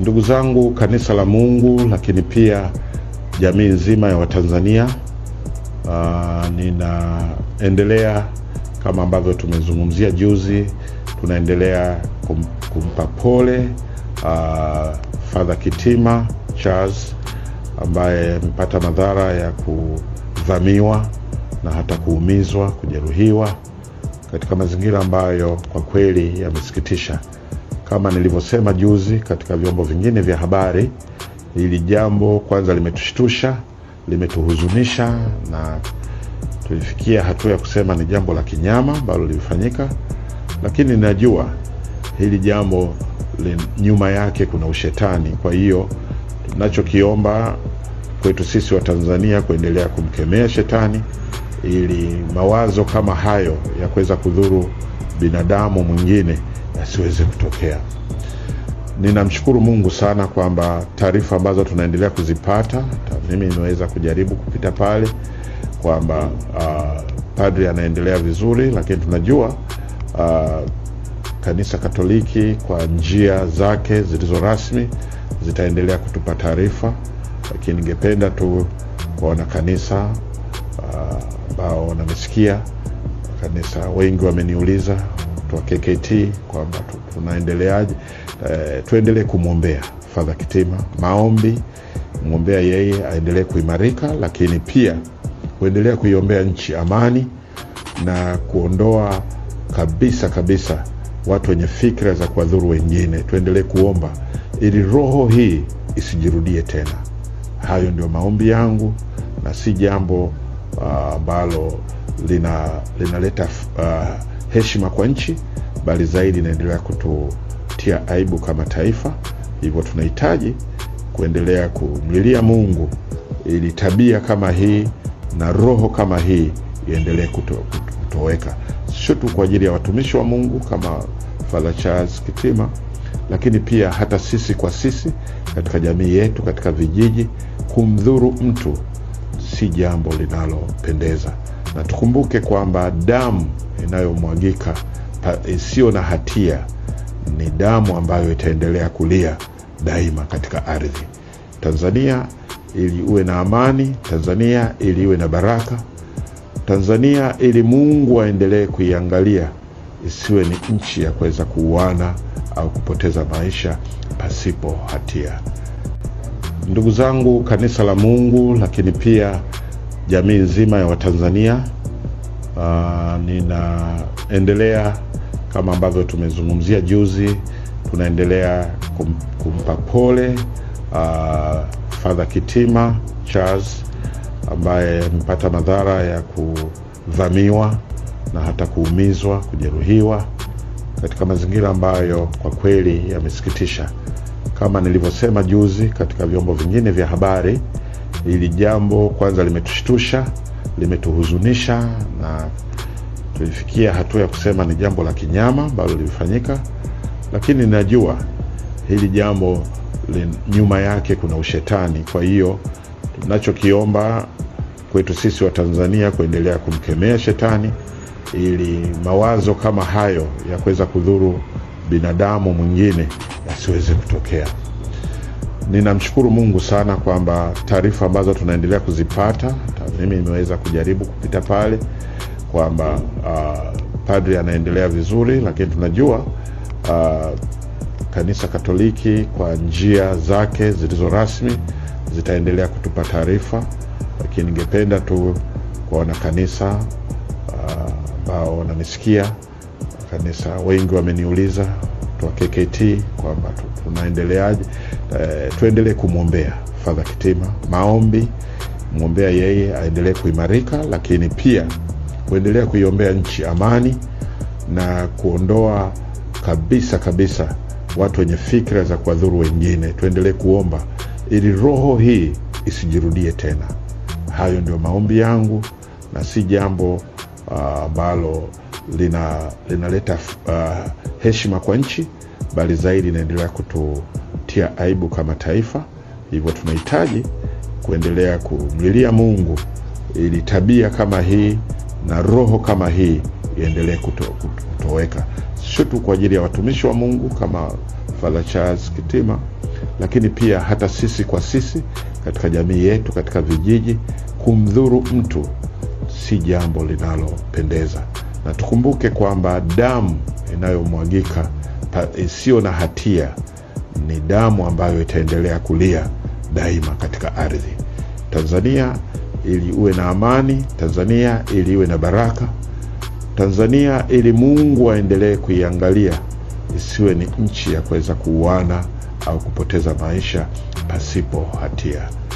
Ndugu zangu kanisa la Mungu, lakini pia jamii nzima ya Watanzania, uh, ninaendelea kama ambavyo tumezungumzia juzi, tunaendelea kum, kumpa pole uh, Father Kitima Charles ambaye amepata madhara ya kuvamiwa na hata kuumizwa, kujeruhiwa katika mazingira ambayo kwa kweli yamesikitisha. Kama nilivyosema juzi katika vyombo vingine vya habari, hili jambo kwanza limetushtusha, limetuhuzunisha na tulifikia hatua ya kusema ni jambo la kinyama ambalo lilifanyika, lakini najua hili jambo nyuma yake kuna ushetani. Kwa hiyo tunachokiomba kwetu sisi wa Tanzania kuendelea kumkemea shetani ili mawazo kama hayo ya kuweza kudhuru binadamu mwingine yasiweze kutokea. Ninamshukuru Mungu sana kwamba taarifa ambazo tunaendelea kuzipata, mimi imeweza kujaribu kupita pale kwamba uh, padri anaendelea vizuri, lakini tunajua uh, kanisa Katoliki kwa njia zake zilizo rasmi zitaendelea kutupa taarifa, lakini ningependa tu kuona kanisa ah, ambao uh, wanamesikia kanisa, wengi wameniuliza kutoka KKT kwamba tunaendeleaje, eh, tuendelee kumwombea Fadha Kitima, maombi mwombea yeye aendelee kuimarika, lakini pia kuendelea kuiombea nchi amani na kuondoa kabisa kabisa watu wenye fikra za kuwadhuru wengine. Tuendelee kuomba ili roho hii isijirudie tena. Hayo ndio maombi yangu, na si jambo ah, ambalo uh, lina linaleta uh, heshima kwa nchi, bali zaidi inaendelea kututia aibu kama taifa. Hivyo tunahitaji kuendelea kumlilia Mungu ili tabia kama hii na roho kama hii iendelee kuto, kutoweka, sio tu kwa ajili ya watumishi wa Mungu kama Father Charles Kitima, lakini pia hata sisi kwa sisi katika jamii yetu, katika vijiji. Kumdhuru mtu si jambo linalopendeza na tukumbuke kwamba damu inayomwagika isiyo na hatia ni damu ambayo itaendelea kulia daima katika ardhi. Tanzania ili uwe na amani, Tanzania ili iwe na baraka, Tanzania ili Mungu aendelee kuiangalia, isiwe ni nchi ya kuweza kuuana au kupoteza maisha pasipo hatia. Ndugu zangu, kanisa la Mungu, lakini pia jamii nzima ya Watanzania. Uh, ninaendelea kama ambavyo tumezungumzia juzi, tunaendelea kum, kumpa pole uh, Father Kitima Charles ambaye amepata madhara ya kudhamiwa na hata kuumizwa, kujeruhiwa katika mazingira ambayo kwa kweli yamesikitisha. Kama nilivyosema juzi katika vyombo vingine vya habari Hili jambo kwanza limetushtusha, limetuhuzunisha na tulifikia hatua ya kusema ni jambo la kinyama ambalo lilifanyika, lakini najua hili jambo nyuma yake kuna ushetani. Kwa hiyo tunachokiomba kwetu sisi wa Tanzania kuendelea kumkemea shetani ili mawazo kama hayo ya kuweza kudhuru binadamu mwingine yasiweze kutokea. Ninamshukuru Mungu sana kwamba taarifa ambazo tunaendelea kuzipata, mimi nimeweza kujaribu kupita pale kwamba uh, padri anaendelea vizuri, lakini tunajua uh, kanisa Katoliki kwa njia zake zilizo rasmi zitaendelea kutupa taarifa, lakini ningependa tu kuwaona kanisa ah, ambao uh, wananisikia, kanisa wengi wameniuliza watu wa KKT kwamba tunaendeleaje. Eh, tuendelee kumwombea Fadha Kitima, maombi mwombea yeye aendelee kuimarika, lakini pia kuendelea kuiombea nchi amani na kuondoa kabisa kabisa watu wenye fikra za kuwadhuru wengine. Tuendelee kuomba ili roho hii isijirudie tena. Hayo ndio maombi yangu na si jambo ah, ambalo uh, lina linaleta uh, heshima kwa nchi, bali zaidi inaendelea kututia aibu kama taifa. Hivyo tunahitaji kuendelea kumlilia Mungu ili tabia kama hii na roho kama hii iendelee kuto, kuto, kutoweka, sio tu kwa ajili ya watumishi wa Mungu kama fadha Charles Kitima, lakini pia hata sisi kwa sisi katika jamii yetu, katika vijiji. Kumdhuru mtu si jambo linalopendeza na tukumbuke kwamba damu inayomwagika isiyo na hatia ni damu ambayo itaendelea kulia daima katika ardhi. Tanzania ili uwe na amani, Tanzania ili iwe na baraka, Tanzania ili Mungu aendelee kuiangalia, isiwe ni nchi ya kuweza kuuana au kupoteza maisha pasipo hatia.